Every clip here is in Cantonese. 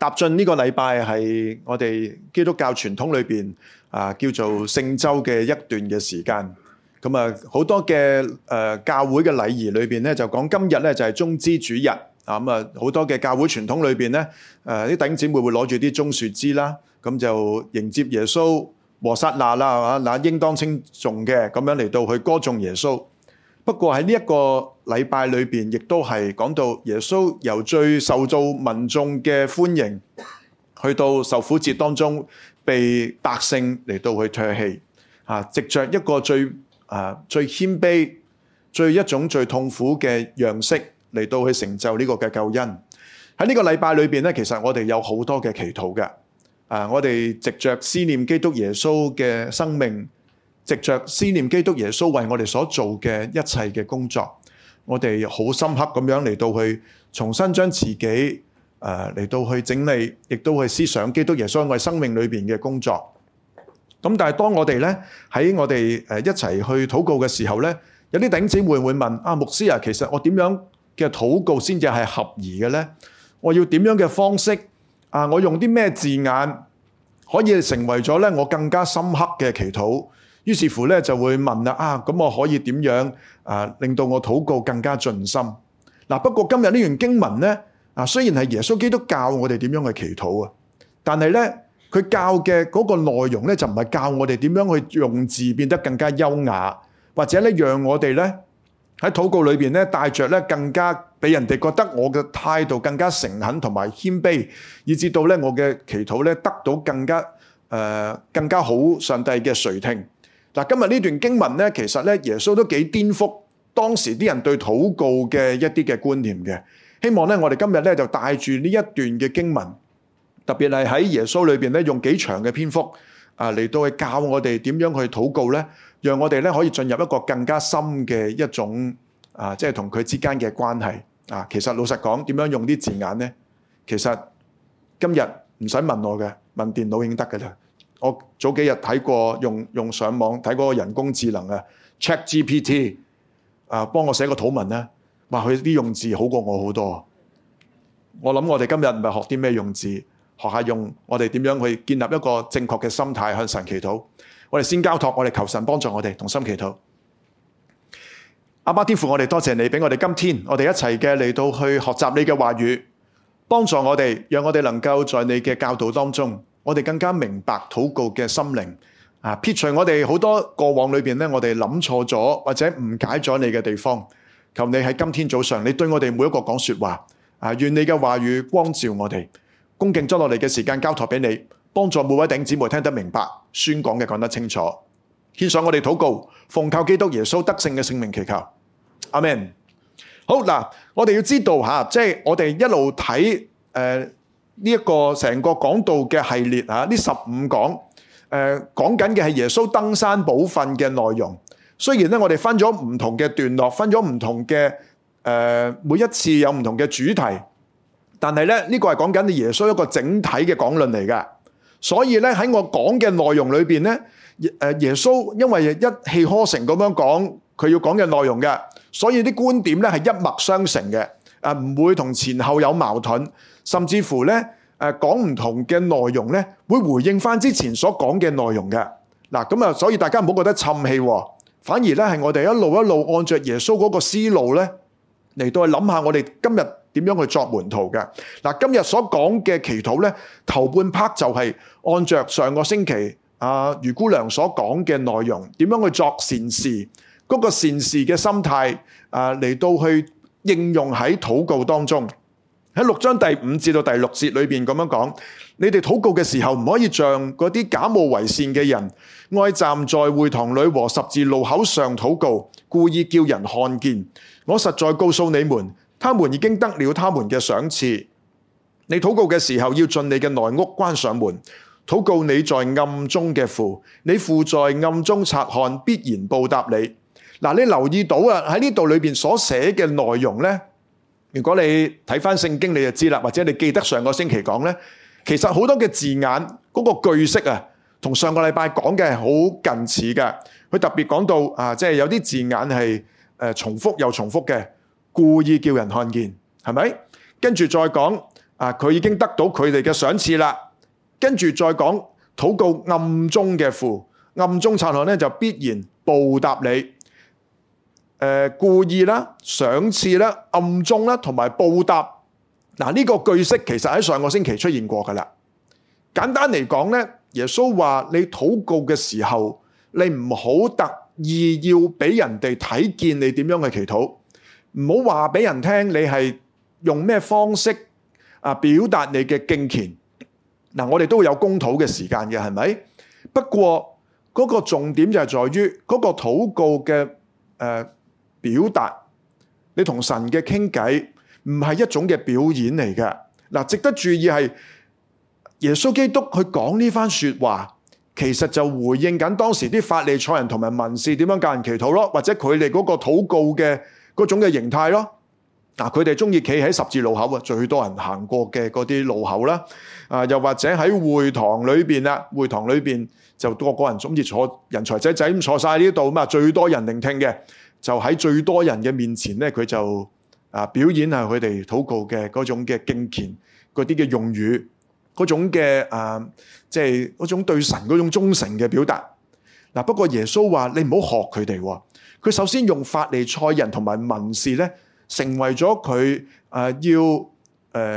踏進呢個禮拜係我哋基督教傳統裏邊啊，叫做聖周嘅一段嘅時間。咁啊，好多嘅誒教會嘅禮儀裏邊咧，就講今日咧就係棕枝主日啊。咁啊，好多嘅教會傳統裏邊咧，誒啲弟兄姊妹會攞住啲棕樹枝啦，咁就迎接耶穌和撒那啦啊，嗱，應當稱頌嘅，咁樣嚟到去歌頌耶穌。不過喺呢一個禮拜裏邊，亦都係講到耶穌由最受到民眾嘅歡迎，去到受苦節當中被百姓嚟到去唾棄，啊，藉着一個最啊最謙卑、最一種最痛苦嘅樣式嚟到去成就呢個嘅救恩。喺呢個禮拜裏邊咧，其實我哋有好多嘅祈禱嘅，啊，我哋藉着思念基督耶穌嘅生命。藉著思念基督耶穌為我哋所做嘅一切嘅工作，我哋好深刻咁樣嚟到去重新將自己誒嚟到去整理，亦都去思想基督耶穌為我生命裏邊嘅工作。咁但係當我哋咧喺我哋誒一齊去禱告嘅時候咧，有啲弟兄姊妹會唔會問啊，牧師啊，其實我點樣嘅禱告先至係合宜嘅咧？我要點樣嘅方式啊？我用啲咩字眼可以成為咗咧？我更加深刻嘅祈禱？於是乎咧，就會問啦啊，咁我可以點樣啊，令到我禱告更加盡心？嗱，不過今日呢段經文咧啊，雖然係耶穌基督教我哋點樣去祈禱啊，但係咧，佢教嘅嗰個內容咧，就唔係教我哋點樣去用字變得更加優雅，或者咧，讓我哋咧喺禱告裏邊咧，帶著咧更加俾人哋覺得我嘅態度更加誠懇同埋謙卑，以至到咧我嘅祈禱咧得到更加誒更加好上帝嘅垂聽。嗱，今日呢段經文咧，其實咧耶穌都幾顛覆當時啲人對禱告嘅一啲嘅觀念嘅。希望咧我哋今日咧就帶住呢一段嘅經文，特別係喺耶穌裏邊咧用幾長嘅篇幅啊嚟到去教我哋點樣去禱告咧，讓我哋咧可以進入一個更加深嘅一種啊，即係同佢之間嘅關係啊。其實老實講，點樣用啲字眼咧？其實今日唔使問我嘅，問電腦已經得㗎啦。我早幾日睇過用用上網睇嗰個人工智能啊，ChatGPT 啊，幫我寫個禱文咧，話佢啲用字好過我好多。我諗我哋今日唔係學啲咩用字，學下用我哋點樣去建立一個正確嘅心態向神祈禱。我哋先交託，我哋求神幫助我哋同心祈禱。阿爸天父，我哋多謝你俾我哋今天，我哋一齊嘅嚟到去學習你嘅話語，幫助我哋，讓我哋能夠在你嘅教導當中。我哋更加明白禱告嘅心靈啊，撇除我哋好多過往裏邊咧，我哋諗錯咗或者誤解咗你嘅地方。求你喺今天早上，你對我哋每一個講說話啊，願你嘅話語光照我哋。恭敬將落嚟嘅時間交託俾你，幫助每位弟兄姊妹聽得明白，宣講嘅講得清楚。獻上我哋禱告，奉靠基督耶穌得勝嘅聖名祈求，阿門。好嗱，我哋要知道吓，即係我哋一路睇誒。呃呢一個成個講道嘅系列嚇，呢十五講，誒講緊嘅係耶穌登山寶訓嘅內容。雖然咧，我哋分咗唔同嘅段落，分咗唔同嘅誒、呃，每一次有唔同嘅主題，但係咧呢、這個係講緊嘅耶穌一個整體嘅講論嚟嘅。所以咧，喺我講嘅內容裏邊咧，耶穌因為一氣呵成咁樣講佢要講嘅內容嘅，所以啲觀點咧係一脈相承嘅，誒唔會同前後有矛盾。甚至乎咧，誒講唔同嘅內容咧，會回應翻之前所講嘅內容嘅。喺六章第五至到第六節裏邊咁樣講，你哋禱告嘅時候唔可以像嗰啲假冒為善嘅人，愛站在，在會堂裏和十字路口上禱告，故意叫人看見。我實在告訴你們，他們已經得了他們嘅賞賜。你禱告嘅時候，要進你嘅內屋，關上門，禱告你在暗中嘅父，你父在暗中察看，必然報答你。嗱，你留意到啊，喺呢度裏邊所寫嘅內容呢。如果你睇翻聖經，你就知啦，或者你記得上個星期講咧，其實好多嘅字眼嗰個句式啊，同上個禮拜講嘅係好近似嘅。佢特別講到啊，即係有啲字眼係誒重複又重複嘅，故意叫人看見，係咪？跟住再講啊，佢已經得到佢哋嘅賞賜啦。跟住再講，禱告暗中嘅父，暗中察看咧就必然報答你。誒、故意啦、賞賜啦、暗中啦，同埋報答。嗱，呢個句式其實喺上個星期出現過噶啦。簡單嚟講呢，耶穌話：你禱告嘅時候，你唔好特意要俾人哋睇見你點樣嘅祈禱，唔好話俾人聽你係用咩方式啊表達你嘅敬虔。嗱，我哋都會有公禱嘅時間嘅，係咪？不過嗰個重點就係在於嗰個禱告嘅誒。表達你同神嘅傾偈，唔係一種嘅表演嚟嘅。嗱，值得注意係耶穌基督佢講呢番說話，其實就回應緊當時啲法利賽人同埋文士點樣教人祈禱咯，或者佢哋嗰個禱告嘅嗰種嘅形態咯。嗱，佢哋中意企喺十字路口啊，最多人行過嘅嗰啲路口啦啊，又或者喺會堂裏邊啦，會堂裏邊就多個個人中意坐人才仔仔咁坐晒呢度啊嘛，最多人聆聽嘅。就喺最多人嘅面前咧，佢就啊表演下佢哋禱告嘅嗰種嘅敬虔，嗰啲嘅用語，嗰種嘅啊，即係嗰種對神嗰種忠誠嘅表達。嗱，不過耶穌話：你唔好學佢哋。佢首先用法利賽人同埋文士咧，成為咗佢啊要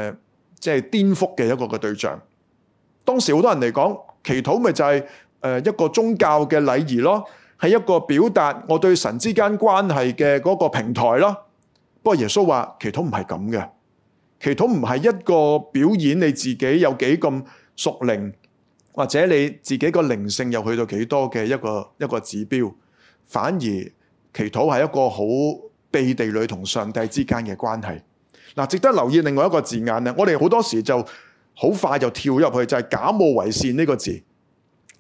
誒，即係顛覆嘅一個嘅對象。當時好多人嚟講，祈禱咪就係誒一個宗教嘅禮儀咯。係一個表達我對神之間關係嘅嗰個平台咯。不過耶穌話祈禱唔係咁嘅，祈禱唔係一個表演你自己有幾咁屬靈，或者你自己個靈性又去到幾多嘅一個一個指標。反而祈禱係一個好地地裏同上帝之間嘅關係。嗱，值得留意另外一個字眼咧，我哋好多時就好快就跳入去就係假冒為善呢個字。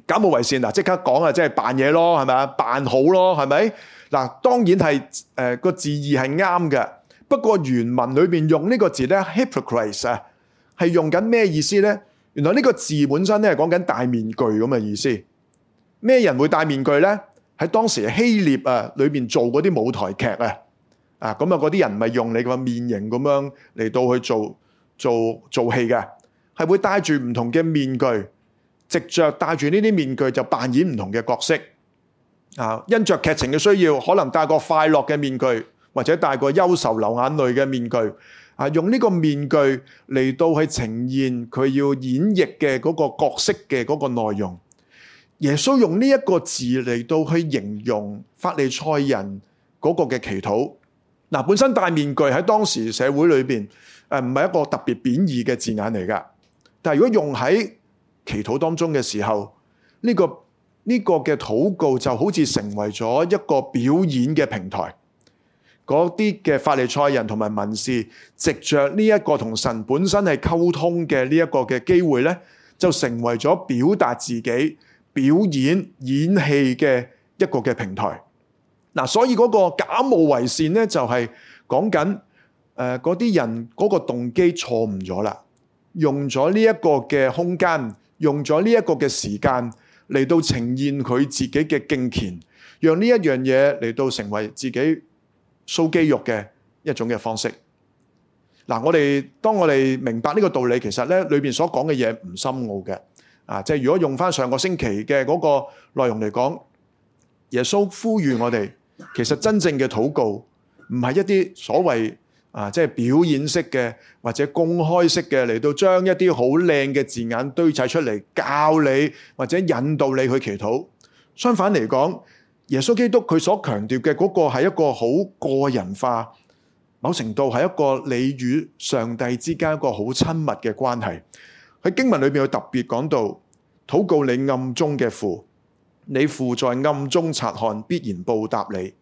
假冒為善嗱，即刻講啊，即係扮嘢咯，係咪啊？扮好咯，係咪？嗱，當然係誒個字義係啱嘅。不過原文裏面用呢個字咧，hypocrite 啊，係用緊咩意思咧？原來呢個字本身咧，係講緊戴面具咁嘅意思。咩人會戴面具咧？喺當時希臘啊裏面做嗰啲舞台劇啊啊咁啊，嗰啲人咪用你個面型咁樣嚟到去做做做戲嘅，係會戴住唔同嘅面具。藉著戴住呢啲面具就扮演唔同嘅角色，啊，因著劇情嘅需要，可能戴個快樂嘅面具，或者戴個憂愁流眼淚嘅面具，啊，用呢個面具嚟到去呈現佢要演繹嘅嗰個角色嘅嗰個內容。耶穌用呢一個字嚟到去形容法利賽人嗰個嘅祈禱。嗱，本身戴面具喺當時社會裏邊，誒，唔係一個特別貶義嘅字眼嚟噶，但係如果用喺祈禱當中嘅時候，呢、這個呢、這個嘅禱告就好似成為咗一個表演嘅平台。嗰啲嘅法利賽人同埋文士，藉着呢一個同神本身係溝通嘅呢一個嘅機會呢，就成為咗表達自己、表演演戲嘅一個嘅平台。嗱，所以嗰個假冒為善呢，就係講緊誒嗰啲人嗰個動機錯誤咗啦，用咗呢一個嘅空間。用咗呢一個嘅時間嚟到呈現佢自己嘅敬虔，讓呢一樣嘢嚟到成為自己塑肌肉嘅一種嘅方式。嗱，我哋當我哋明白呢個道理，其實咧裏面所講嘅嘢唔深奧嘅，啊，即係如果用翻上個星期嘅嗰個內容嚟講，耶穌呼籲我哋，其實真正嘅禱告唔係一啲所謂。啊，即係表演式嘅或者公開式嘅，嚟到將一啲好靚嘅字眼堆砌出嚟，教你或者引導你去祈禱。相反嚟講，耶穌基督佢所強調嘅嗰個係一個好個人化，某程度係一個你與上帝之間一個好親密嘅關係。喺經文裏邊有特別講到，禱告你暗中嘅父，你父在暗中察看，必然報答你。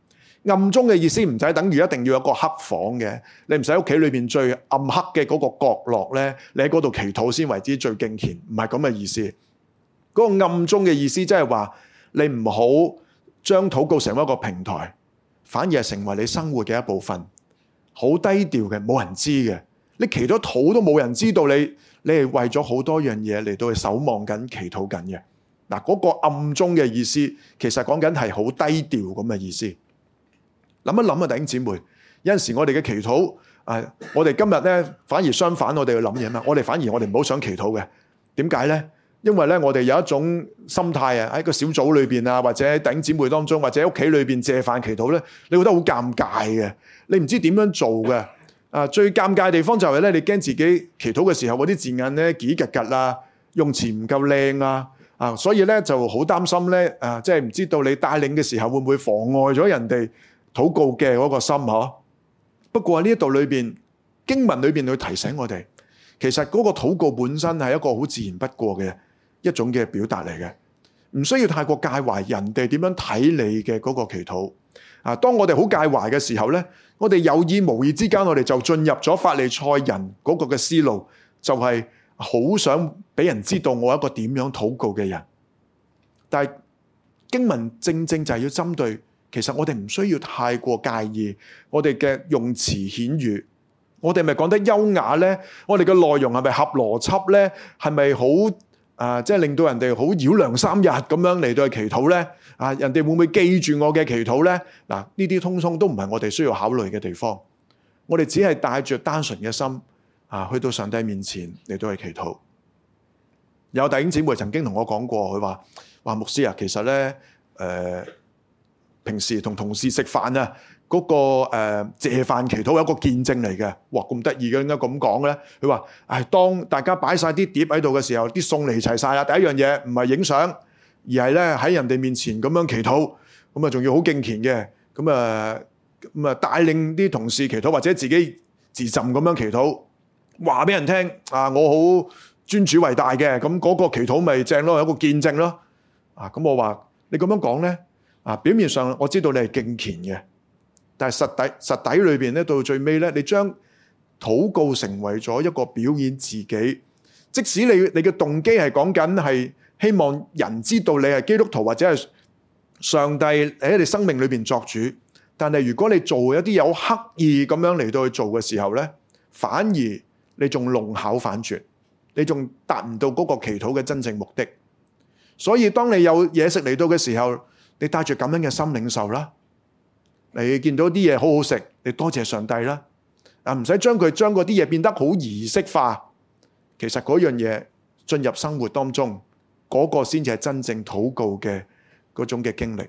暗中嘅意思唔使等於一定要有個黑房嘅，你唔使屋企裏邊最暗黑嘅嗰個角落咧，你喺嗰度祈禱先為之最敬虔，唔係咁嘅意思。嗰個暗中嘅意思即係話，你唔好將禱告成為一個平台，反而係成為你生活嘅一部分，好低調嘅，冇人知嘅。你祈咗禱都冇人知道你，你係為咗好多樣嘢嚟到去守望緊祈禱緊嘅。嗱，嗰個暗中嘅意思其實講緊，係好低調咁嘅意思。諗一諗啊，弟兄姊妹，有陣時我哋嘅祈禱，啊，我哋今日咧反而相反我哋去，我哋要諗嘢嘛，我哋反而我哋唔好想祈禱嘅。點解咧？因為咧，我哋有一種心態啊，喺個小組裏邊啊，或者喺弟兄姊妹當中，或者屋企裏邊借飯祈禱咧，你覺得好尷尬嘅，你唔知點樣做嘅。啊，最尷尬嘅地方就係咧，你驚自己祈禱嘅時候嗰啲字眼咧，幾格格啊，用詞唔夠靚啊，啊，所以咧就好擔心咧，啊，即係唔知道你帶領嘅時候會唔會妨礙咗人哋。禱告嘅嗰個心嗬，不過喺呢一度裏邊經文裏邊去提醒我哋，其實嗰個禱告本身係一個好自然不過嘅一種嘅表達嚟嘅，唔需要太過介懷人哋點樣睇你嘅嗰個祈禱。啊，當我哋好介懷嘅時候呢，我哋有意無意之間我哋就進入咗法利賽人嗰個嘅思路，就係、是、好想俾人知道我一個點樣禱告嘅人。但係經文正正就係要針對。其實我哋唔需要太過介意我哋嘅用詞遣語，我哋係咪講得優雅呢？我哋嘅內容係咪合邏輯呢？係咪好啊？即係令到人哋好繞樑三日咁樣嚟到去祈禱呢？啊，人哋會唔會記住我嘅祈禱呢？嗱，呢啲通通都唔係我哋需要考慮嘅地方。我哋只係帶着單純嘅心啊，去到上帝面前嚟到去祈禱。有弟兄姊妹曾經同我講過，佢話：話牧師啊，其實呢。誒、呃。平時同同事食飯啊，嗰、那個謝、呃、飯祈禱有一個見證嚟嘅。哇咁得意嘅，點解咁講咧。佢話：，唉、哎，當大家擺晒啲碟喺度嘅時候，啲餸嚟齊晒啦。第一樣嘢唔係影相，而係咧喺人哋面前咁樣祈禱，咁啊仲要好敬虔嘅，咁啊咁啊帶領啲同事祈禱，或者自己自尋咁樣祈禱，話俾人聽啊，我好尊主為大嘅，咁、嗯、嗰、那個祈禱咪正咯，有一個見證咯。啊，咁、嗯、我話你咁樣講咧。啊！表面上我知道你係敬虔嘅，但係實底實底裏邊咧，到最尾咧，你將禱告成為咗一個表演自己。即使你你嘅動機係講緊係希望人知道你係基督徒或者係上帝喺你生命裏邊作主，但係如果你做一啲有刻意咁樣嚟到去做嘅時候咧，反而你仲弄巧反拙，你仲達唔到嗰個祈禱嘅真正目的。所以當你有嘢食嚟到嘅時候。你帶著咁樣嘅心領受啦，你見到啲嘢好好食，你多謝上帝啦。啊，唔使將佢將嗰啲嘢變得好儀式化。其實嗰樣嘢進入生活當中，嗰個先至係真正禱告嘅嗰種嘅經歷。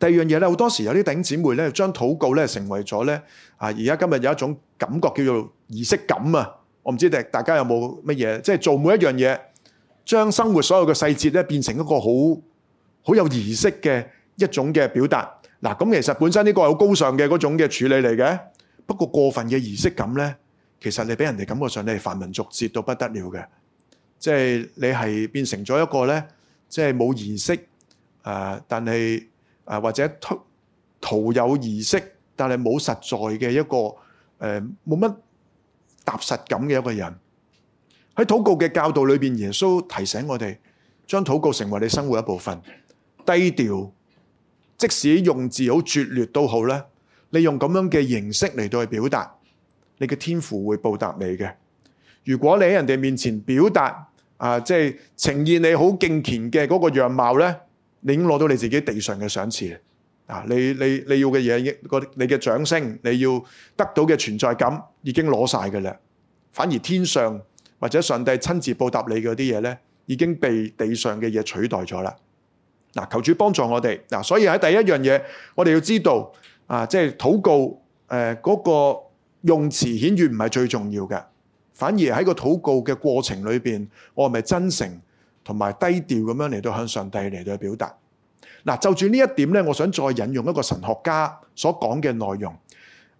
第二樣嘢咧，好多時有啲頂姊妹咧，將禱告咧成為咗咧啊！而家今日有一種感覺叫做儀式感啊！我唔知大家有冇乜嘢，即係做每一樣嘢，將生活所有嘅細節咧變成一個好。好有儀式嘅一種嘅表達，嗱咁其實本身呢個係好高尚嘅嗰種嘅處理嚟嘅。不過過分嘅儀式感呢，其實你俾人哋感覺上你係繁文縟節到不得了嘅，即係你係變成咗一個呢，即係冇儀式啊、呃，但係啊或者徒，徒有儀式，但係冇實在嘅一個誒冇乜踏實感嘅一個人。喺禱告嘅教導裏邊，耶穌提醒我哋將禱告成為你生活一部分。低調，即使用字好拙劣都好咧，你用咁樣嘅形式嚟到去表達你嘅天父會報答你嘅。如果你喺人哋面前表達啊、呃，即係呈現你好敬虔嘅嗰個樣貌咧，你已經攞到你自己地上嘅賞賜啊！你你你要嘅嘢，你嘅掌聲，你要得到嘅存在感，已經攞晒㗎啦。反而天上或者上帝親自報答你嗰啲嘢咧，已經被地上嘅嘢取代咗啦。嗱，求主幫助我哋嗱，所以喺第一樣嘢，我哋要知道啊，即係禱告誒嗰、呃那個用詞顯然唔係最重要嘅，反而喺個禱告嘅過程裏邊，我係咪真誠同埋低調咁樣嚟到向上帝嚟到表達嗱、啊？就住呢一點咧，我想再引用一個神學家所講嘅內容誒、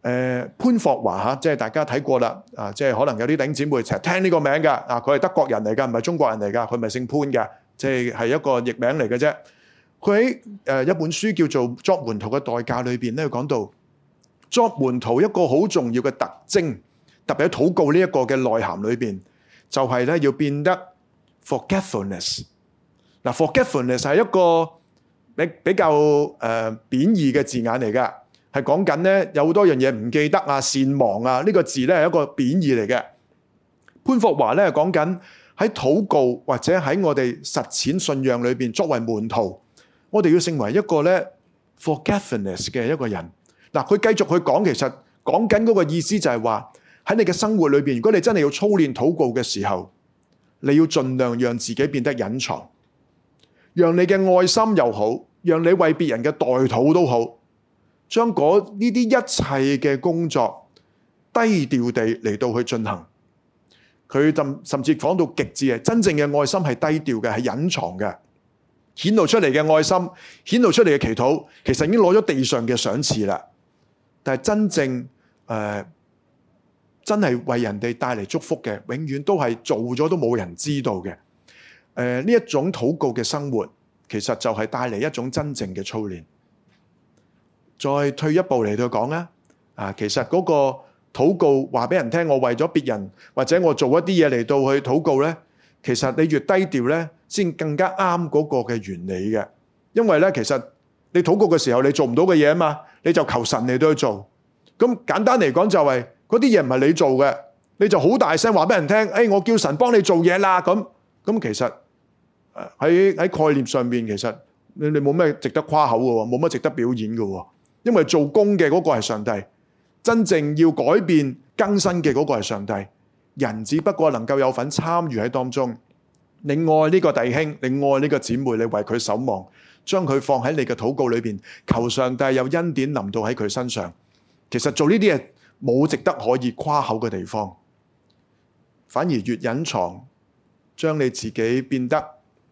呃，潘霍華嚇，即係大家睇過啦啊，即係、啊、可能有啲頂姐妹成日聽呢個名嘅啊，佢係德國人嚟㗎，唔係中國人嚟㗎，佢咪姓潘嘅，即係係一個譯名嚟嘅啫。佢喺誒一本書叫做《作門徒嘅代價》裏邊咧，講到作門徒一個好重要嘅特徵，特別喺禱告呢一個嘅內涵裏邊，就係、是、咧要變得 forgetfulness。嗱、啊、，forgetfulness 係一個比比較誒、呃、貶義嘅字眼嚟嘅，係講緊咧有好多樣嘢唔記得啊、善忘啊，呢、這個字咧係一個貶義嚟嘅。潘霍華咧講緊喺禱告或者喺我哋實踐信仰裏邊，作為門徒。我哋要成為一個咧 forgiveness 嘅一個人。嗱，佢繼續去講，其實講緊嗰個意思就係話喺你嘅生活裏邊，如果你真係要操練禱告嘅時候，你要盡量讓自己變得隱藏，讓你嘅愛心又好，讓你為別人嘅代禱都好，將呢啲一切嘅工作低調地嚟到去進行。佢甚甚至講到極致係真正嘅愛心係低調嘅，係隱藏嘅。顯露出嚟嘅愛心，顯露出嚟嘅祈禱，其實已經攞咗地上嘅賞賜啦。但係真正誒、呃，真係為人哋帶嚟祝福嘅，永遠都係做咗都冇人知道嘅。誒、呃，呢一種禱告嘅生活，其實就係帶嚟一種真正嘅操練。再退一步嚟到講啊，啊，其實嗰個禱告話俾人聽，我為咗別人或者我做一啲嘢嚟到去禱告咧，其實你越低調咧。先更加啱嗰個嘅原理嘅，因為咧，其實你禱告嘅時候，你做唔到嘅嘢啊嘛，你就求神你都去做。咁簡單嚟講就係嗰啲嘢唔係你做嘅，你就好大聲話俾人聽，誒、哎、我叫神幫你做嘢啦咁。咁其實喺喺概念上面，其實你你冇咩值得誇口嘅喎，冇乜值得表演嘅喎，因為做工嘅嗰個係上帝，真正要改變更新嘅嗰個係上帝，人只不過能夠有份參與喺當中。你愛呢個弟兄，你愛呢個姊妹，你為佢守望，將佢放喺你嘅禱告裏邊，求上帝有恩典臨到喺佢身上。其實做呢啲嘢，冇值得可以誇口嘅地方，反而越隱藏，將你自己變得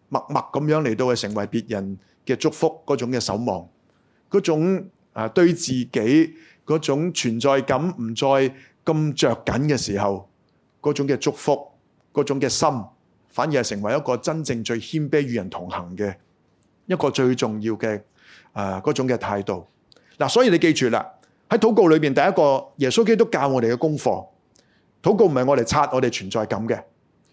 默默咁樣嚟到去成為別人嘅祝福嗰種嘅守望，嗰種啊對自己嗰種存在感唔再咁着緊嘅時候，嗰種嘅祝福，嗰種嘅心。反而係成為一個真正最謙卑與人同行嘅一個最重要嘅、呃、啊嗰種嘅態度嗱，所以你記住啦喺禱告裏邊，第一個耶穌基督教我哋嘅功課，禱告唔係我哋刷我哋存在感嘅，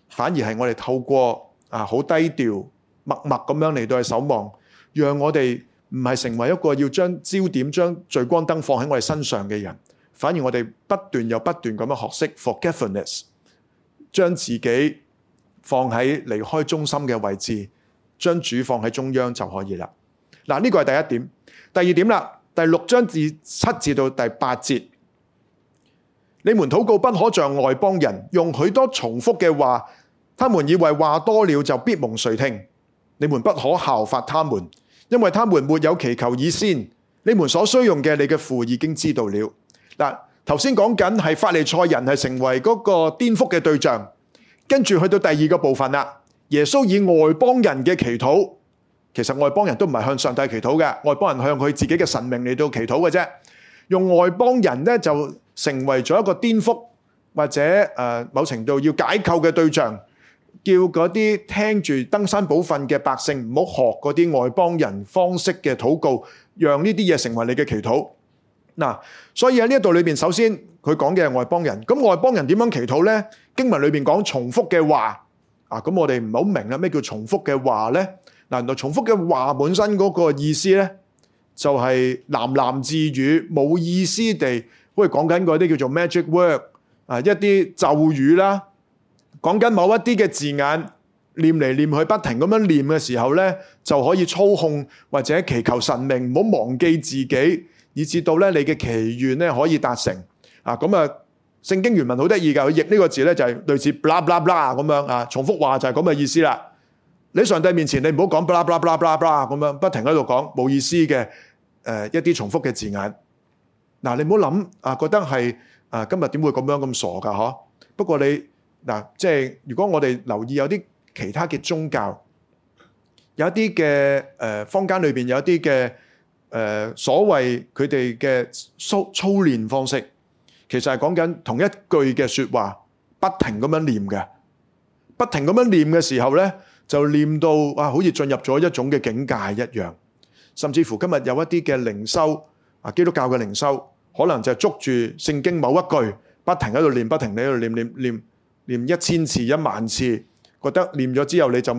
反而係我哋透過啊好、呃、低調默默咁樣嚟到去守望，讓我哋唔係成為一個要將焦點將聚光燈放喺我哋身上嘅人，反而我哋不斷又不斷咁樣學識 forgiveness，將自己。放喺離開中心嘅位置，將主放喺中央就可以啦。嗱，呢個係第一點。第二點啦，第六章至七至到第八節，你們禱告不可像外邦人，用許多重複嘅話，他們以為話多了就必蒙垂聽。你們不可效法他們，因為他們沒有祈求以先。你們所需用嘅，你嘅父已經知道了。嗱，頭先講緊係法利賽人係成為嗰個顛覆嘅對象。跟住去到第二個部分啦，耶穌以外邦人嘅祈禱，其實外邦人都唔係向上帝祈禱嘅，外邦人向佢自己嘅神明嚟到祈禱嘅啫。用外邦人呢，就成為咗一個顛覆或者誒、呃、某程度要解構嘅對象，叫嗰啲聽住登山寶訓嘅百姓唔好學嗰啲外邦人方式嘅禱告，讓呢啲嘢成為你嘅祈禱嗱。所以喺呢一度裏面，首先佢講嘅係外邦人，咁外邦人點樣祈禱呢？經文裏面講重複嘅話啊，咁我哋唔好明啦，咩叫重複嘅話咧？難道重複嘅話本身嗰個意思咧，就係喃喃自語，冇意思地，好似講緊嗰啲叫做 magic word 啊，一啲咒語啦，講、啊、緊某一啲嘅字眼，念嚟念去不停咁樣念嘅時候咧，就可以操控或者祈求神明，唔好忘記自己，以至到咧你嘅祈願咧可以達成啊！咁啊～聖經原文好得意㗎，佢譯呢個字咧就係類似 bla bla bla 咁樣啊，重複話就係咁嘅意思啦。你喺上帝面前，你唔好講 bla bla bla bla bla 咁樣，不停喺度講冇意思嘅誒一啲重複嘅字眼。嗱，你唔好諗啊，覺得係啊，今日點會咁樣咁傻㗎？嗬。不過你嗱，即係如果我哋留意有啲其他嘅宗教，有一啲嘅誒坊間裏邊有一啲嘅誒所謂佢哋嘅操操練方式。其實係講緊同一句嘅說話，不停咁樣念嘅，不停咁樣念嘅時候呢，就念到啊，好似進入咗一種嘅境界一樣。甚至乎今日有一啲嘅靈修啊，基督教嘅靈修，可能就係捉住聖經某一句，不停喺度念，不停喺度念，念念念一千次、一萬次，覺得念咗之後你就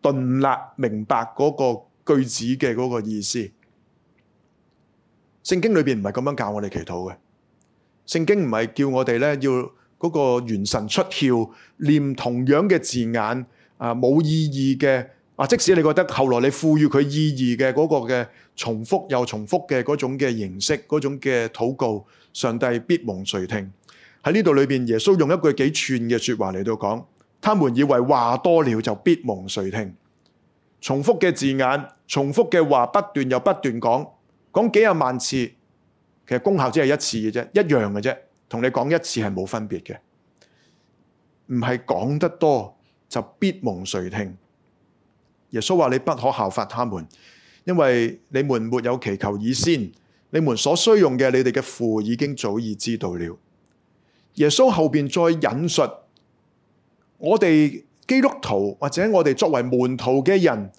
頓立明白嗰個句子嘅嗰個意思。聖經裏邊唔係咁樣教我哋祈禱嘅。聖經唔係叫我哋咧，要嗰個元神出竅，念同樣嘅字眼啊，冇意義嘅啊，即使你覺得後來你賦予佢意義嘅嗰個嘅重複又重複嘅嗰種嘅形式，嗰種嘅禱告，上帝必蒙誰聽垂聽？喺呢度裏邊，耶穌用一句幾串嘅説話嚟到講，他們以為話多了就必蒙垂聽，重複嘅字眼，重複嘅話不斷又不斷講，講幾廿萬次。其實功效只係一次嘅啫，一樣嘅啫，同你講一次係冇分別嘅，唔係講得多就必蒙垂聽。耶穌話你不可效法他們，因為你們沒有祈求以先，你們所需用嘅你哋嘅父已經早已知道了。耶穌後邊再引述，我哋基督徒或者我哋作為門徒嘅人，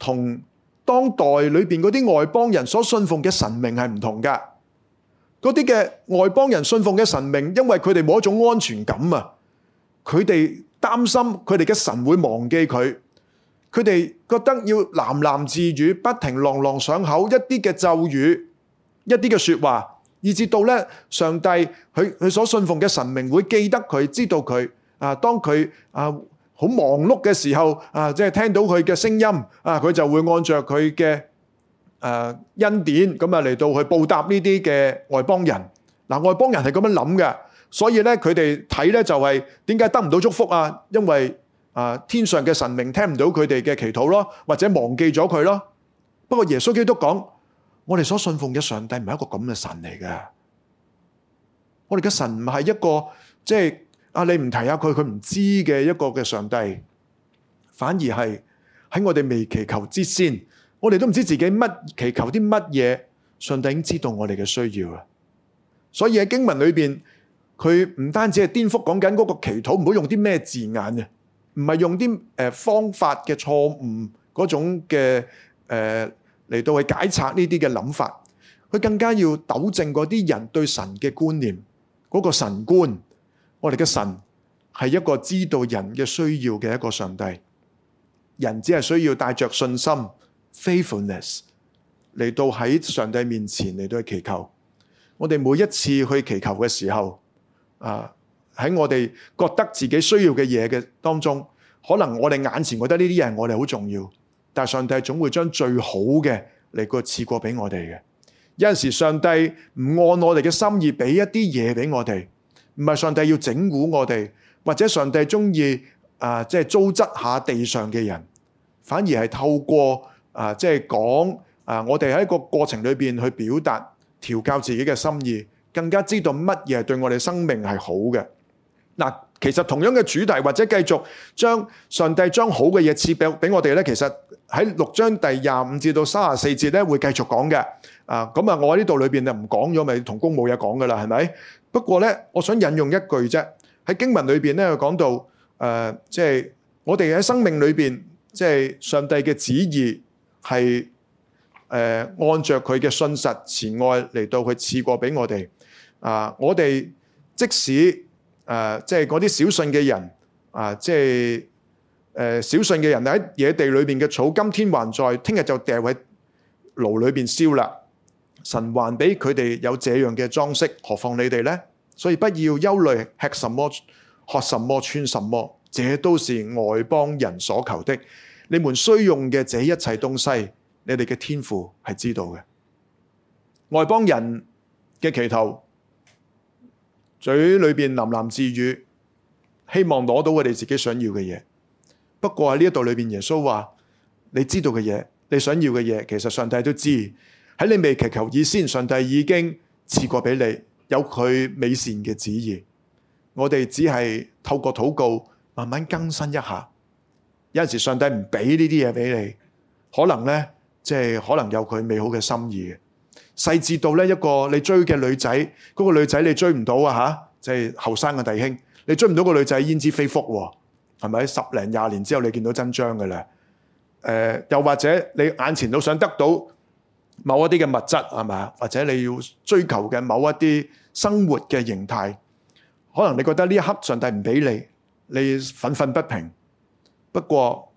同當代裏邊嗰啲外邦人所信奉嘅神明係唔同噶。嗰啲嘅外邦人信奉嘅神明，因為佢哋冇一種安全感啊！佢哋擔心佢哋嘅神會忘記佢，佢哋覺得要喃喃自語，不停朗朗上口一啲嘅咒語，一啲嘅說話，以至到咧上帝佢佢所信奉嘅神明會記得佢、知道佢啊。當佢啊好忙碌嘅時候啊，即係聽到佢嘅聲音啊，佢就會按着佢嘅。誒、呃，恩典咁啊，嚟到去報答呢啲嘅外邦人。嗱、呃，外邦人係咁樣諗嘅，所以咧佢哋睇咧就係點解得唔到祝福啊？因為啊、呃，天上嘅神明聽唔到佢哋嘅祈禱咯，或者忘記咗佢咯。不過耶穌基督講，我哋所信奉嘅上帝唔係一個咁嘅神嚟嘅，我哋嘅神唔係一個即係、就是、啊，你唔提下佢，佢唔知嘅一個嘅上帝，反而係喺我哋未祈求之先。我哋都唔知自己乜祈求啲乜嘢，上帝已經知道我哋嘅需要啦。所以喺經文裏邊，佢唔單止係顛覆講緊嗰個祈禱，唔好用啲咩字眼啊，唔係用啲誒、呃、方法嘅錯誤嗰種嘅誒嚟到去解拆呢啲嘅諗法。佢更加要糾正嗰啲人對神嘅觀念，嗰、嗰個神觀。我哋嘅神係一個知道人嘅需要嘅一個上帝。人只係需要帶着信心。Faithfulness 嚟到喺上帝面前嚟到祈求，我哋每一次去祈求嘅時候，啊喺我哋覺得自己需要嘅嘢嘅當中，可能我哋眼前覺得呢啲嘢係我哋好重要，但上帝總會將最好嘅嚟個賜過俾我哋嘅。有陣時上帝唔按我哋嘅心意俾一啲嘢俾我哋，唔係上帝要整蠱我哋，或者上帝中意啊即係糟質下地上嘅人，反而係透過。啊，即係講啊，我哋喺個過程裏邊去表達調教自己嘅心意，更加知道乜嘢對我哋生命係好嘅。嗱，其實同樣嘅主題或者繼續將上帝將好嘅嘢賜俾俾我哋咧，其實喺六章第廿五至到卅四節咧會繼續講嘅。啊，咁啊，我喺呢度裏邊就唔講咗，咪同公務有講噶啦，係咪？不過咧，我想引用一句啫，喺經文裏邊咧講到誒，即係我哋喺生命裏邊，即係上帝嘅旨意。係誒、呃、按着佢嘅信實慈愛嚟到佢賜過俾我哋啊、呃，我哋即使誒即係嗰啲小信嘅人啊，即係誒小信嘅人喺野地裏邊嘅草，今天還在，聽日就掉喺爐裏邊燒啦。神還俾佢哋有這樣嘅裝飾，何況你哋呢？所以不要憂慮，吃什麼、喝什麼、穿什麼，這都是外邦人所求的。你們需用嘅這一切東西，你哋嘅天父係知道嘅。外邦人嘅祈禱，嘴裏邊喃喃自語，希望攞到我哋自己想要嘅嘢。不過喺呢一度裏邊，耶穌話：你知道嘅嘢，你想要嘅嘢，其實上帝都知。喺你未祈求以先，上帝已經賜過俾你，有佢美善嘅旨意。我哋只係透過禱告，慢慢更新一下。有陣時上帝唔俾呢啲嘢俾你，可能呢，即係可能有佢美好嘅心意嘅。細致到呢一個你追嘅女仔，嗰個女仔你追唔到啊吓！即係後生嘅弟兄，你追唔到個女仔，焉知非福喎？係咪？十零廿年之後，你見到真章嘅啦。呃，又或者你眼前都想得到某一啲嘅物質係嘛，或者你要追求嘅某一啲生活嘅形態，可能你覺得呢一刻上帝唔俾你，你憤憤不平。不過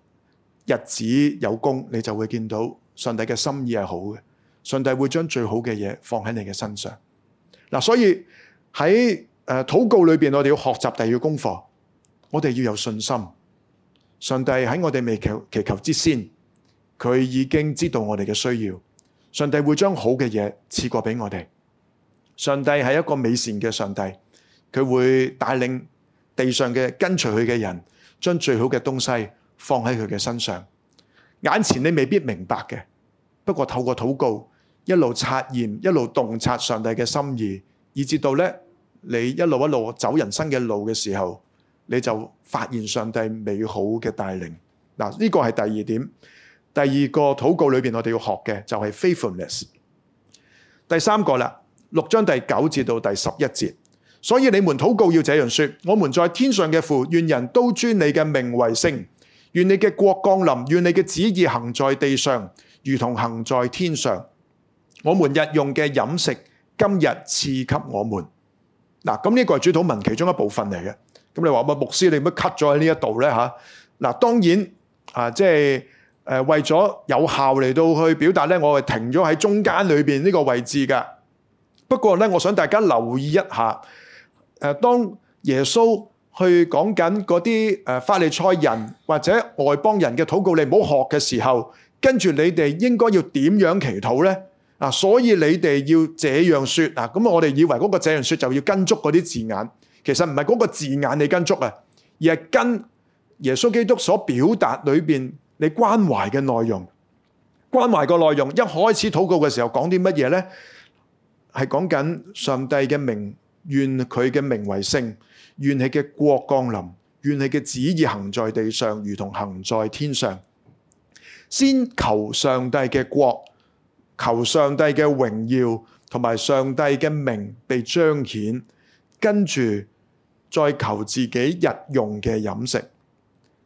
日子有功，你就會見到上帝嘅心意係好嘅。上帝會將最好嘅嘢，放喺你嘅身上。嗱、啊，所以喺誒禱告裏邊，我哋要學習，第二個功課。我哋要有信心。上帝喺我哋未祈祈求之先，佢已經知道我哋嘅需要。上帝會將好嘅嘢賜過俾我哋。上帝係一個美善嘅上帝，佢會帶領地上嘅跟隨佢嘅人。將最好嘅東西放喺佢嘅身上，眼前你未必明白嘅，不過透過禱告，一路察驗，一路洞察上帝嘅心意，以至到咧你一路一路走人生嘅路嘅時候，你就發現上帝美好嘅帶領。嗱，呢個係第二點，第二個禱告裏邊我哋要學嘅就係 faithfulness。第三個啦，六章第九至到第十一節。所以你們禱告要這樣說：我們在天上嘅父，願人都尊你嘅名為聖；願你嘅國降臨；願你嘅旨意行在地上，如同行在天上。我們日用嘅飲食，今日賜給我們。嗱、啊，咁、這、呢個係主禱文其中一部分嚟嘅。咁、嗯、你話乜？牧師你乜 cut 咗喺呢一度呢？吓，嗱，當然啊，即係誒，為咗有效嚟到去表達咧，我係停咗喺中間裏邊呢個位置噶。不過咧，我想大家留意一下。誒，當耶穌去講緊嗰啲誒法利賽人或者外邦人嘅禱告，你唔好學嘅時候，跟住你哋應該要點樣祈禱呢？啊，所以你哋要這樣說啊？咁我哋以為嗰個這樣說就要跟足嗰啲字眼，其實唔係嗰個字眼你跟足啊，而係跟耶穌基督所表達裏邊你關懷嘅內容，關懷個內容。一開始禱告嘅時候講啲乜嘢呢？係講緊上帝嘅名。願佢嘅名為聖，願你嘅國降臨，願你嘅旨意行在地上，如同行在天上。先求上帝嘅國，求上帝嘅榮耀，同埋上帝嘅名被彰顯，跟住再求自己日用嘅飲食。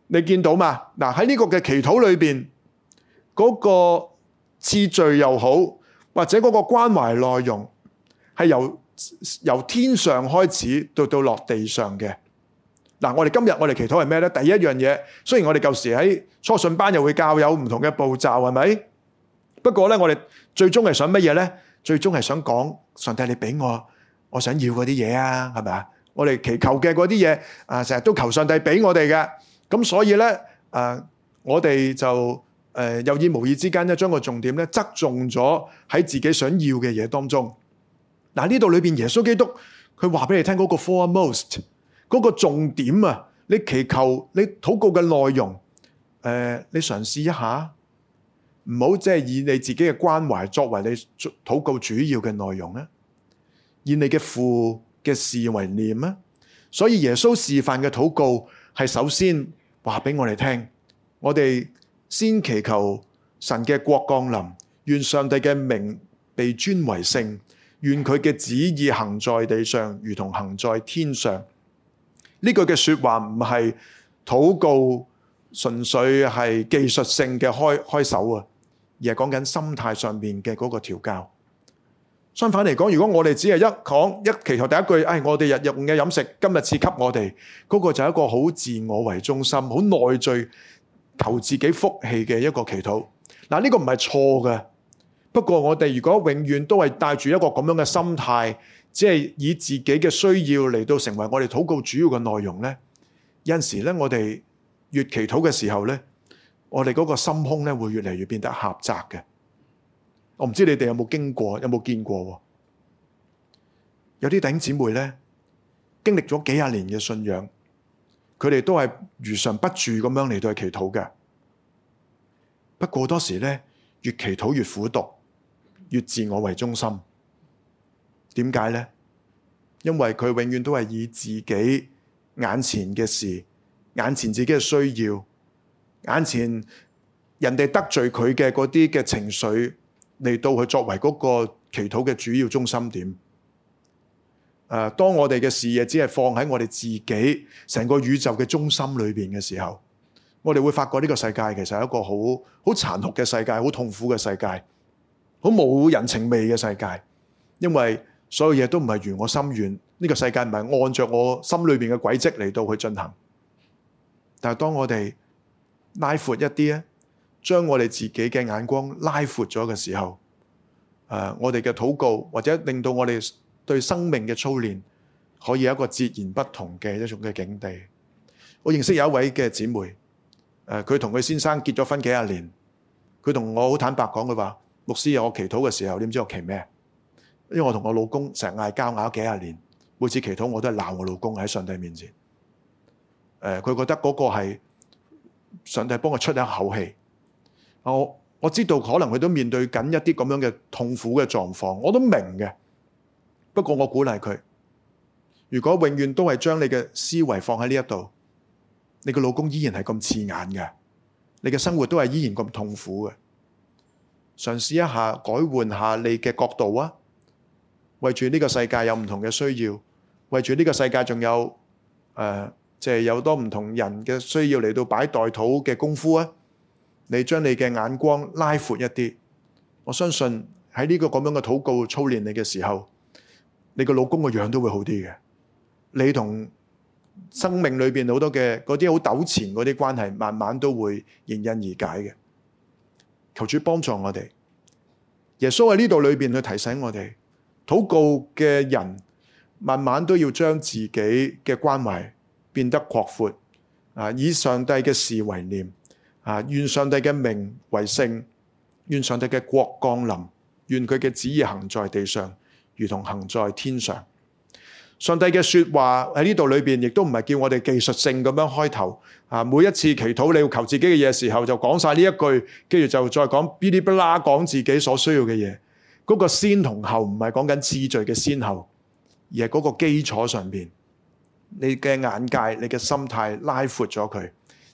你見到嘛？嗱，喺呢個嘅祈禱裏邊，嗰、嗰個次序又好，或者嗰個關懷內容係由。由天上開始，到到落地上嘅。嗱，我哋今日我哋祈禱係咩呢？第一樣嘢，雖然我哋舊時係初信班又會教有唔同嘅步驟，係咪？嗱，呢度裏邊耶穌基督佢話俾你聽嗰個 foremost 嗰個重點啊，你祈求你禱告嘅內容，誒、呃，你嘗試一下，唔好即係以你自己嘅關懷作為你禱告主要嘅內容啊，以你嘅父嘅事為念啊。所以耶穌示範嘅禱告係首先話俾我哋聽，我哋先祈求神嘅國降臨，願上帝嘅名被尊為聖。願佢嘅旨意行在地上，如同行在天上。呢句嘅說話唔係禱告，純粹係技術性嘅開開手啊，而係講緊心態上面嘅嗰個調教。相反嚟講，如果我哋只係一講一祈求第一句，唉、哎，我哋日日用嘅飲食今日賜給我哋，嗰、那個就係一個好自我為中心、好內聚求自己福氣嘅一個祈禱。嗱、這個，呢個唔係錯嘅。不過我哋如果永遠都係帶住一個咁樣嘅心態，即係以自己嘅需要嚟到成為我哋禱告主要嘅內容呢。有陣時咧，我哋越祈禱嘅時候呢，我哋嗰個心胸呢會越嚟越變得狹窄嘅。我唔知你哋有冇經過，有冇見過？有啲弟兄姊妹呢，經歷咗幾廿年嘅信仰，佢哋都係如常不住咁樣嚟到去祈禱嘅。不過好多時呢，越祈禱越苦毒。越自我為中心，點解呢？因為佢永遠都係以自己眼前嘅事、眼前自己嘅需要、眼前人哋得罪佢嘅嗰啲嘅情緒嚟到去作為嗰個祈禱嘅主要中心點。誒、啊，當我哋嘅視野只係放喺我哋自己成個宇宙嘅中心裏邊嘅時候，我哋會發覺呢個世界其實係一個好好殘酷嘅世界，好痛苦嘅世界。好冇人情味嘅世界，因為所有嘢都唔係如我心願，呢個世界唔係按着我心裏邊嘅軌跡嚟到去進行。但係當我哋拉闊一啲咧，將我哋自己嘅眼光拉闊咗嘅時候，誒、啊，我哋嘅禱告或者令到我哋對生命嘅操練可以有一個截然不同嘅一種嘅境地。我認識有一位嘅姊妹，誒、啊，佢同佢先生結咗婚幾廿年，佢同我好坦白講，佢話。牧師，有我祈禱嘅時候，你唔知我祈咩？因為我同我老公成日嗌交，嗌咗幾廿年，每次祈禱我都係鬧我老公喺上帝面前。誒、呃，佢覺得嗰個係上帝幫我出一口氣。我我知道可能佢都面對緊一啲咁樣嘅痛苦嘅狀況，我都明嘅。不過我鼓勵佢，如果永遠都係將你嘅思維放喺呢一度，你個老公依然係咁刺眼嘅，你嘅生活都係依然咁痛苦嘅。嘗試一下改換下你嘅角度啊！為住呢個世界有唔同嘅需要，為住呢個世界仲有誒，即係，呃，就係有多唔同人嘅需要嚟到擺代禱嘅功夫啊！你將你嘅眼光拉闊一啲，我相信喺呢個咁樣嘅禱告操練你嘅時候，你個老公嘅樣都會好啲嘅。你同生命裏邊好多嘅嗰啲好糾纏嗰啲關係，慢慢都會迎刃而解嘅。求主幫助我哋，耶穌喺呢度裏邊去提醒我哋，禱告嘅人，慢慢都要將自己嘅關懷變得擴闊，闊，啊，以上帝嘅事為念，啊，願上帝嘅名為聖，願上帝嘅國降臨，願佢嘅旨意行在地上，如同行在天上。上帝嘅説話喺呢度裏邊，亦都唔係叫我哋技術性咁樣開頭啊！每一次祈禱，你要求自己嘅嘢時候，就講晒呢一句，跟住就再講，嗶哩不啦講自己所需要嘅嘢。嗰個先同後唔係講緊次序嘅先後，而係嗰個基礎上邊，你嘅眼界、你嘅心態拉闊咗佢，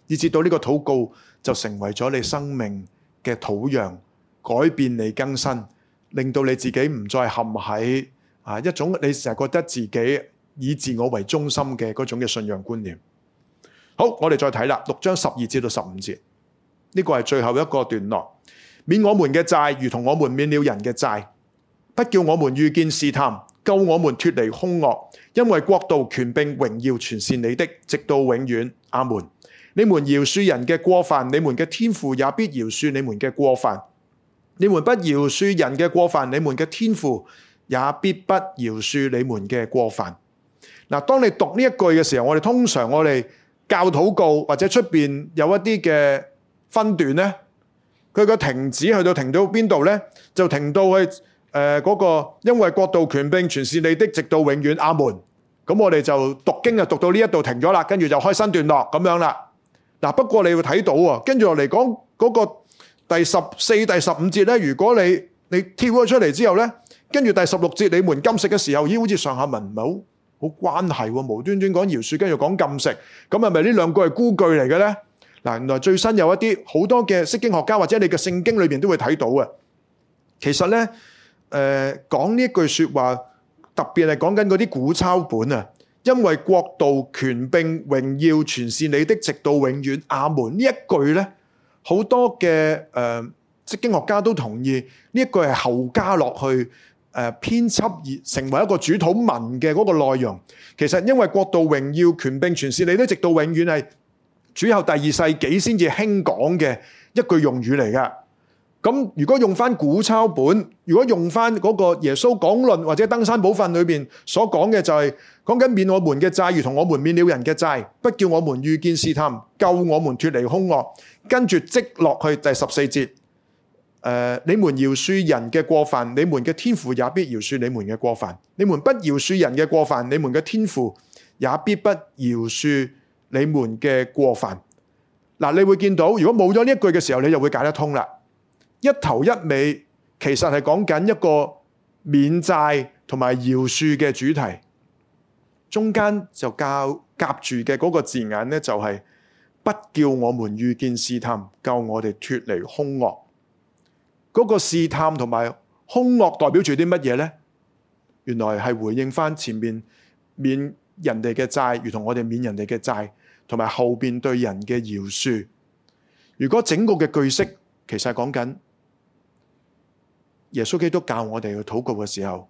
以至到呢個禱告就成為咗你生命嘅土壤，改變你更新，令到你自己唔再陷喺。啊！一種你成日覺得自己以自我為中心嘅嗰種嘅信仰觀念。好，我哋再睇啦，六章十二至到十五節，呢個係最後一個段落。免我們嘅債，如同我們免了人嘅債；不叫我們遇見試探，救我們脱離兇惡。因為國度、權柄、榮耀全是你的，直到永遠。阿門。你們饒恕人嘅過犯，你們嘅天父也必饒恕你們嘅過犯。你們不饒恕人嘅過犯，你們嘅天父，也必不饒恕你們嘅過犯。嗱，當你讀呢一句嘅時候，我哋通常我哋教禱告或者出邊有一啲嘅分段呢，佢個停止去到停到邊度呢？就停到去誒嗰、呃那個，因為國度權柄全是你的，直到永遠。阿門。咁我哋就讀經就讀到呢一度停咗啦，跟住就開新段落咁樣啦。嗱，不過你會睇到啊，跟住落嚟講嗰個第十四、第十五節呢，如果你你跳咗出嚟之後呢。跟住第十六節，你們禁食嘅時候，咦，好似上下文唔係好好關係喎。無端端講饒恕，跟住講禁食，咁係咪呢兩句係孤句嚟嘅呢？嗱，原來最新有一啲好多嘅釋經學家或者你嘅聖經裏面都會睇到啊。其實呢，誒講呢一句説話，特別係講緊嗰啲古抄本啊，因為國度、權柄、榮耀全是你的，直到永遠，阿門。呢一句呢，好多嘅誒釋經學家都同意呢一句係後加落去。誒、呃，編輯而成為一個主禱文嘅嗰個內容，其實因為國度榮耀權柄全是，你都直到永遠係主後第二世紀先至興講嘅一句用語嚟㗎。咁如果用翻古抄本，如果用翻嗰個耶穌講論或者登山寶訓裏面所講嘅、就是，就係講緊免我們嘅債，如同我們免了人嘅債，不叫我們遇見試探，救我們脫離凶惡。跟住積落去第十四節。誒、呃，你們饒恕人嘅過犯，你們嘅天父也必饒恕你們嘅過犯，你們不饒恕人嘅過犯，你們嘅天父也必不饒恕你們嘅過犯。嗱、呃，你會見到，如果冇咗呢一句嘅時候，你就會解得通啦。一頭一尾其實係講緊一個免債同埋饒恕嘅主題，中間就教夾住嘅嗰個字眼呢，就係、是、不叫我們遇見試探，救我哋脫離凶惡。嗰個試探同埋兇惡代表住啲乜嘢呢？原來係回應翻前面免人哋嘅債，如同我哋免人哋嘅債，同埋後邊對人嘅饒恕。如果整個嘅句式其實講緊耶穌基督教我哋去禱告嘅時候，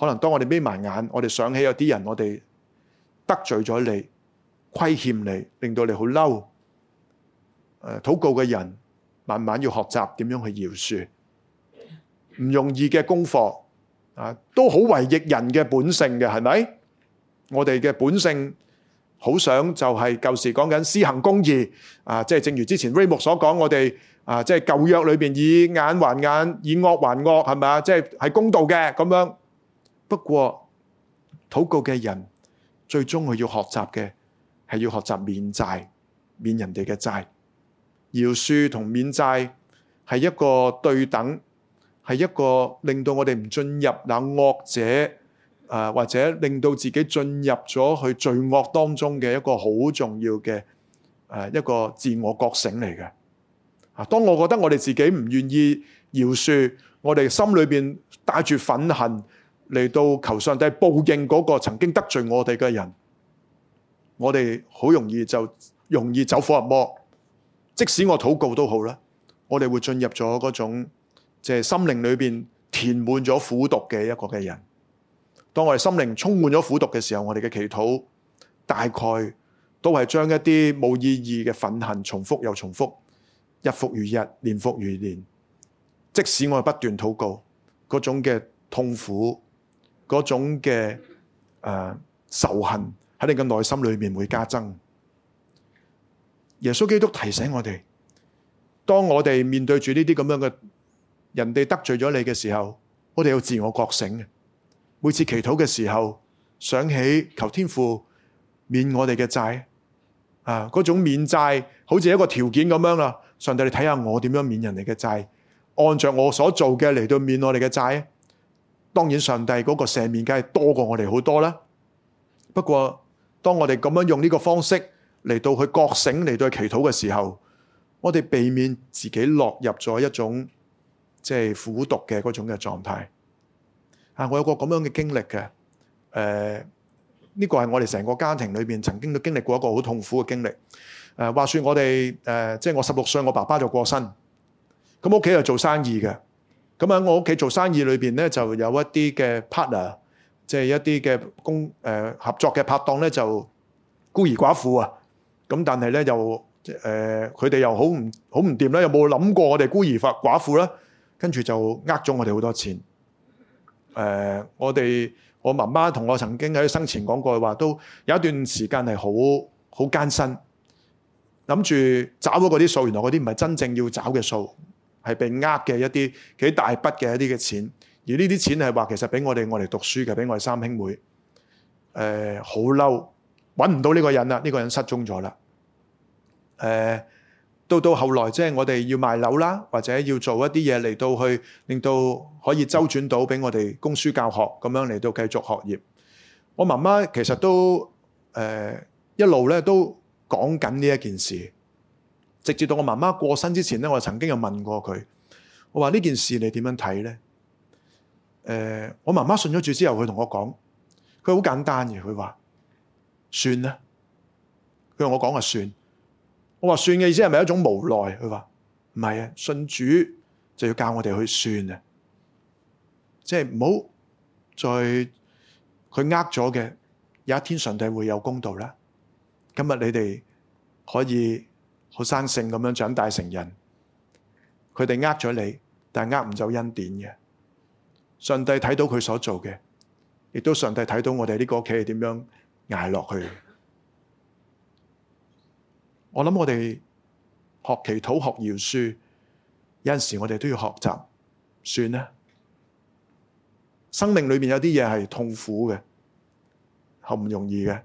可能當我哋眯埋眼，我哋想起有啲人我哋得罪咗你、虧欠你，令到你好嬲。誒、呃，禱告嘅人。慢慢要學習點樣去饒恕，唔容易嘅功課啊，都好違逆人嘅本性嘅，係咪？我哋嘅本性好想就係舊時講緊施行公義啊，即係正如之前 Raymond 所講，我哋啊即係舊約裏邊以眼還眼，以惡還惡，係咪啊？即係係公道嘅咁樣。不過禱告嘅人最終係要學習嘅係要學習免債，免人哋嘅債。饒恕同免債係一個對等，係一個令到我哋唔進入那惡者，誒或者令到自己進入咗去罪惡當中嘅一個好重要嘅誒一個自我覺醒嚟嘅。啊，當我覺得我哋自己唔願意饒恕，我哋心裏邊帶住憤恨嚟到求上帝報應嗰個曾經得罪我哋嘅人，我哋好容易就容易走火入魔。即使我禱告都好啦，我哋會進入咗嗰種，即係心靈裏邊填滿咗苦毒嘅一個嘅人。當我哋心靈充滿咗苦毒嘅時候，我哋嘅祈禱大概都係將一啲冇意義嘅憤恨重複又重複，日復如日，年復如年。即使我不斷禱告，嗰種嘅痛苦，嗰種嘅誒仇恨喺你嘅內心裏面會加增。耶穌基督提醒我哋，當我哋面對住呢啲咁樣嘅人哋得罪咗你嘅時候，我哋要自我覺醒。每次祈禱嘅時候，想起求天父免我哋嘅債，啊，嗰種免債好似一個條件咁樣啦。上帝，你睇下我點樣免人哋嘅債，按照我所做嘅嚟到免我哋嘅債。當然，上帝嗰個赦免梗係多過我哋好多啦。不過，當我哋咁樣用呢個方式。嚟到去覺醒嚟到去祈禱嘅時候，我哋避免自己落入咗一種即係苦毒嘅嗰種嘅狀態。啊，我有個咁樣嘅經歷嘅。誒、呃，呢、這個係我哋成個家庭裏邊曾經都經歷過一個好痛苦嘅經歷。啊、呃，話說我哋誒、呃，即係我十六歲，我爸爸就過身。咁屋企又做生意嘅。咁喺我屋企做生意裏邊咧，就有一啲嘅 partner，即係一啲嘅公誒合作嘅拍檔咧，就孤兒寡婦啊。咁但係咧又，誒、呃，佢哋又好唔好唔掂啦。又有冇諗過我哋孤兒寡寡婦啦？跟住就呃咗我哋好多錢。誒、呃，我哋我媽媽同我曾經喺生前講過嘅話，都有一段時間係好好艱辛。諗住找咗嗰啲數，原來嗰啲唔係真正要找嘅數，係被呃嘅一啲幾大筆嘅一啲嘅錢。而呢啲錢係話其實俾我哋我哋讀書嘅，俾我哋三兄妹。誒、呃，好嬲，搵唔到呢個人啦，呢個人失蹤咗啦。誒、呃，到到後來即係我哋要賣樓啦，或者要做一啲嘢嚟到去令到可以周轉到俾我哋供書教學咁樣嚟到繼續學業。我媽媽其實都誒、呃、一路咧都講緊呢一件事，直至到我媽媽過身之前咧，我曾經有問過佢，我話呢件事你點樣睇咧？誒、呃，我媽媽信咗主之後，佢同我講，佢好簡單嘅，佢話算啦，佢同我講啊算。我話算嘅意思係咪一種無奈？佢話唔係啊，信主就要教我哋去算啊，即係唔好再佢呃咗嘅，有一天上帝會有公道啦。今日你哋可以好生性咁樣長大成人，佢哋呃咗你，但係呃唔走恩典嘅。上帝睇到佢所做嘅，亦都上帝睇到我哋呢個屋企係點樣捱落去。我諗，我哋學祈禱、學饒恕，有陣時我哋都要學習算啦，生命裏面有啲嘢係痛苦嘅，好唔容易嘅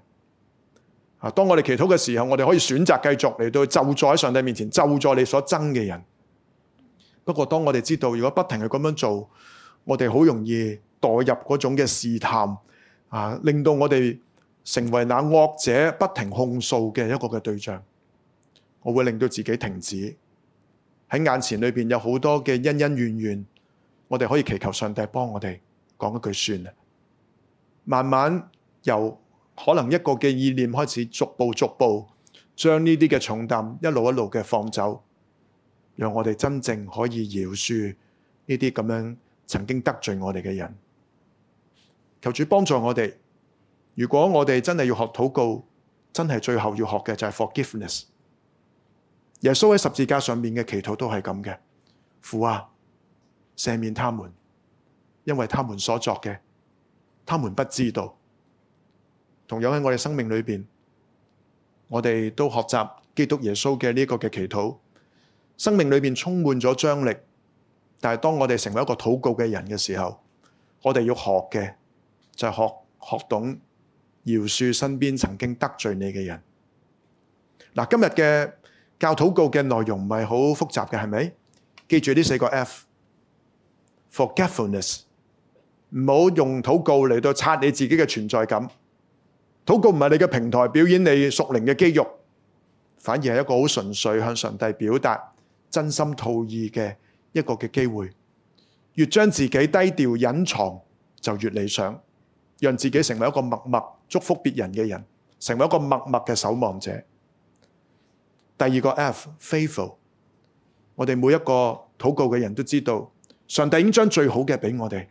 啊。當我哋祈禱嘅時候，我哋可以選擇繼續嚟到就座喺上帝面前，就座你所憎嘅人。不過，當我哋知道如果不停去咁樣做，我哋好容易墮入嗰種嘅試探啊，令到我哋成為那惡者不停控訴嘅一個嘅對象。我會令到自己停止。喺眼前裏邊有好多嘅恩恩怨怨，我哋可以祈求上帝幫我哋講一句算啦。慢慢由可能一個嘅意念開始，逐步逐步將呢啲嘅重擔一路一路嘅放走，讓我哋真正可以饒恕呢啲咁樣曾經得罪我哋嘅人。求主幫助我哋。如果我哋真係要學禱告，真係最後要學嘅就係 forgiveness。耶穌喺十字架上面嘅祈禱都係咁嘅，父啊，赦免他們，因為他們所作嘅，他們不知道。同樣喺我哋生命裏邊，我哋都學習基督耶穌嘅呢個嘅祈禱。生命裏邊充滿咗張力，但係當我哋成為一個禱告嘅人嘅時候，我哋要學嘅就係、是、學學懂饒恕身邊曾經得罪你嘅人。嗱，今日嘅。教禱告嘅內容唔係好複雜嘅，係咪？記住呢四個 F，forgetfulness，唔好用禱告嚟到刷你自己嘅存在感。禱告唔係你嘅平台，表演你屬靈嘅肌肉，反而係一個好純粹向上帝表達真心吐意嘅一個嘅機會。越將自己低調隱藏，就越理想。讓自己成為一個默默祝福別人嘅人，成為一個默默嘅守望者。第二個 F，faithful，我哋每一個禱告嘅人都知道，上帝已經將最好嘅俾我哋。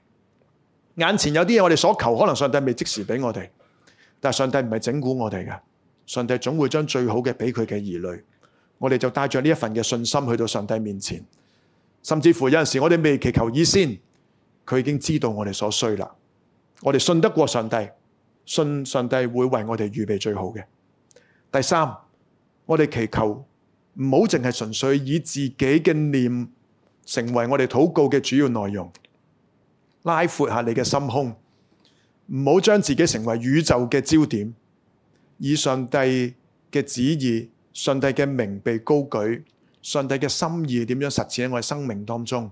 眼前有啲嘢我哋所求，可能上帝未即時俾我哋，但上帝唔係整蠱我哋嘅，上帝總會將最好嘅俾佢嘅兒女。我哋就帶着呢一份嘅信心去到上帝面前，甚至乎有陣時我哋未祈求以先，佢已經知道我哋所需啦。我哋信得過上帝，信上帝會為我哋預備最好嘅。第三。我哋祈求唔好淨係純粹以自己嘅念成為我哋禱告嘅主要內容，拉闊下你嘅心胸，唔好將自己成為宇宙嘅焦點，以上帝嘅旨意、上帝嘅名被高舉、上帝嘅心意點樣實踐喺我哋生命當中，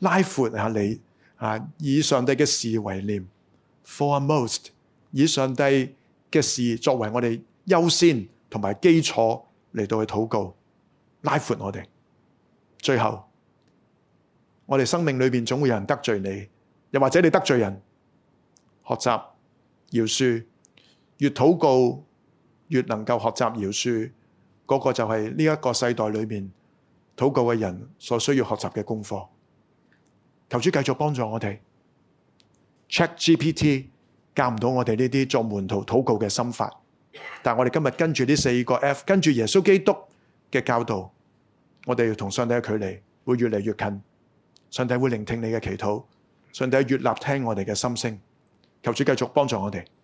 拉闊下你啊，以上帝嘅事為念，foremost 以上帝嘅事作為我哋優先。同埋基礎嚟到去禱告，拉闊我哋。最後，我哋生命裏面總會有人得罪你，又或者你得罪人。學習、饒恕，越禱告越能夠學習饒恕。嗰、那個就係呢一個世代裏面禱告嘅人所需要學習嘅功課。求主繼續幫助我哋。ChatGPT 教唔到我哋呢啲作門徒禱告嘅心法。但我哋今日跟住呢四個 F，跟住耶穌基督嘅教導，我哋要同上帝嘅距離會越嚟越近，上帝會聆聽你嘅祈禱，上帝越立聽我哋嘅心聲，求主繼續幫助我哋。